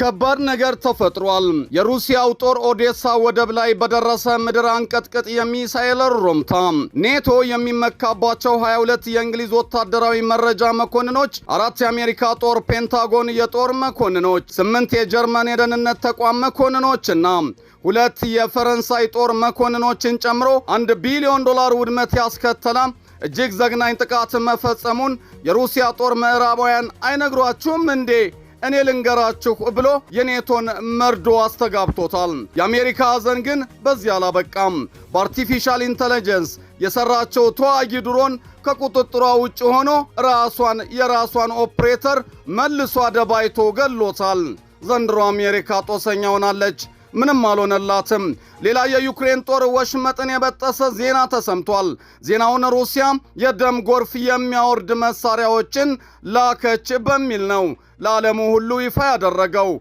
ከባድ ነገር ተፈጥሯል። የሩሲያው ጦር ኦዴሳ ወደብ ላይ በደረሰ ምድር አንቀጥቅጥ የሚሳኤል ሮምታ ኔቶ የሚመካባቸው 22 የእንግሊዝ ወታደራዊ መረጃ መኮንኖች፣ አራት የአሜሪካ ጦር ፔንታጎን የጦር መኮንኖች፣ ስምንት የጀርመን የደህንነት ተቋም መኮንኖችና ሁለት የፈረንሳይ ጦር መኮንኖችን ጨምሮ አንድ ቢሊዮን ዶላር ውድመት ያስከተለ እጅግ ዘግናኝ ጥቃት መፈጸሙን የሩሲያ ጦር ምዕራባውያን አይነግሯችሁም እንዴ እኔ ልንገራችሁ ብሎ የኔቶን መርዶ አስተጋብቶታል። የአሜሪካ ሐዘን ግን በዚህ አላበቃም። በአርቲፊሻል ኢንተለጀንስ የሰራቸው ተዋጊ ድሮን ከቁጥጥሯ ውጭ ሆኖ ራሷን የራሷን ኦፕሬተር መልሶ አደባይቶ ገሎታል። ዘንድሮ አሜሪካ ጦሰኛ ሆናለች። ምንም አልሆነላትም። ሌላ የዩክሬን ጦር ወሽመጥን የበጠሰ ዜና ተሰምቷል። ዜናውን ሩሲያ የደም ጎርፍ የሚያወርድ መሳሪያዎችን ላከች በሚል ነው ለዓለሙ ሁሉ ይፋ ያደረገው።